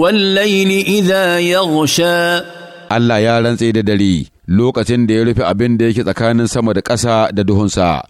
wallaili idha yaghsha Allah ya rantse da dare lokacin da ya rufe abin da yake tsakanin sama da ƙasa da duhunsa